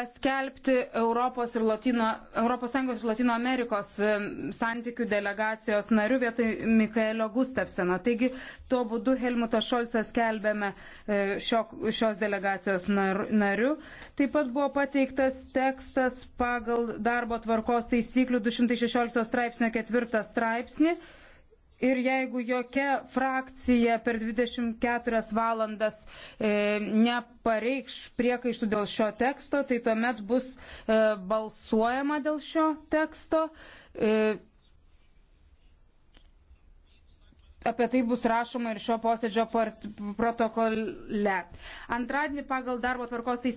paskelbti Europos, ir Latino, Europos Sąjungos ir Latino Amerikos santykių delegacijos nariu vietoj Mikaelio Gustafseno. Taigi, tuo būdu Helmuto Šolcą skelbėme e, šio, šios delegacijos nariu. Taip pat buvo pateiktas tekstas pagal darbo tvarkos taisyklių 216 straipsnio 4 straipsnį. Ir jeigu jokia frakcija per 24 valandas e, nepareikš priekaištų dėl šio teksto, tai tuomet bus e, balsuojama dėl šio teksto. E, apie tai bus rašoma ir šio posėdžio protokole. Antradienį pagal darbo tvarkos taisyklės.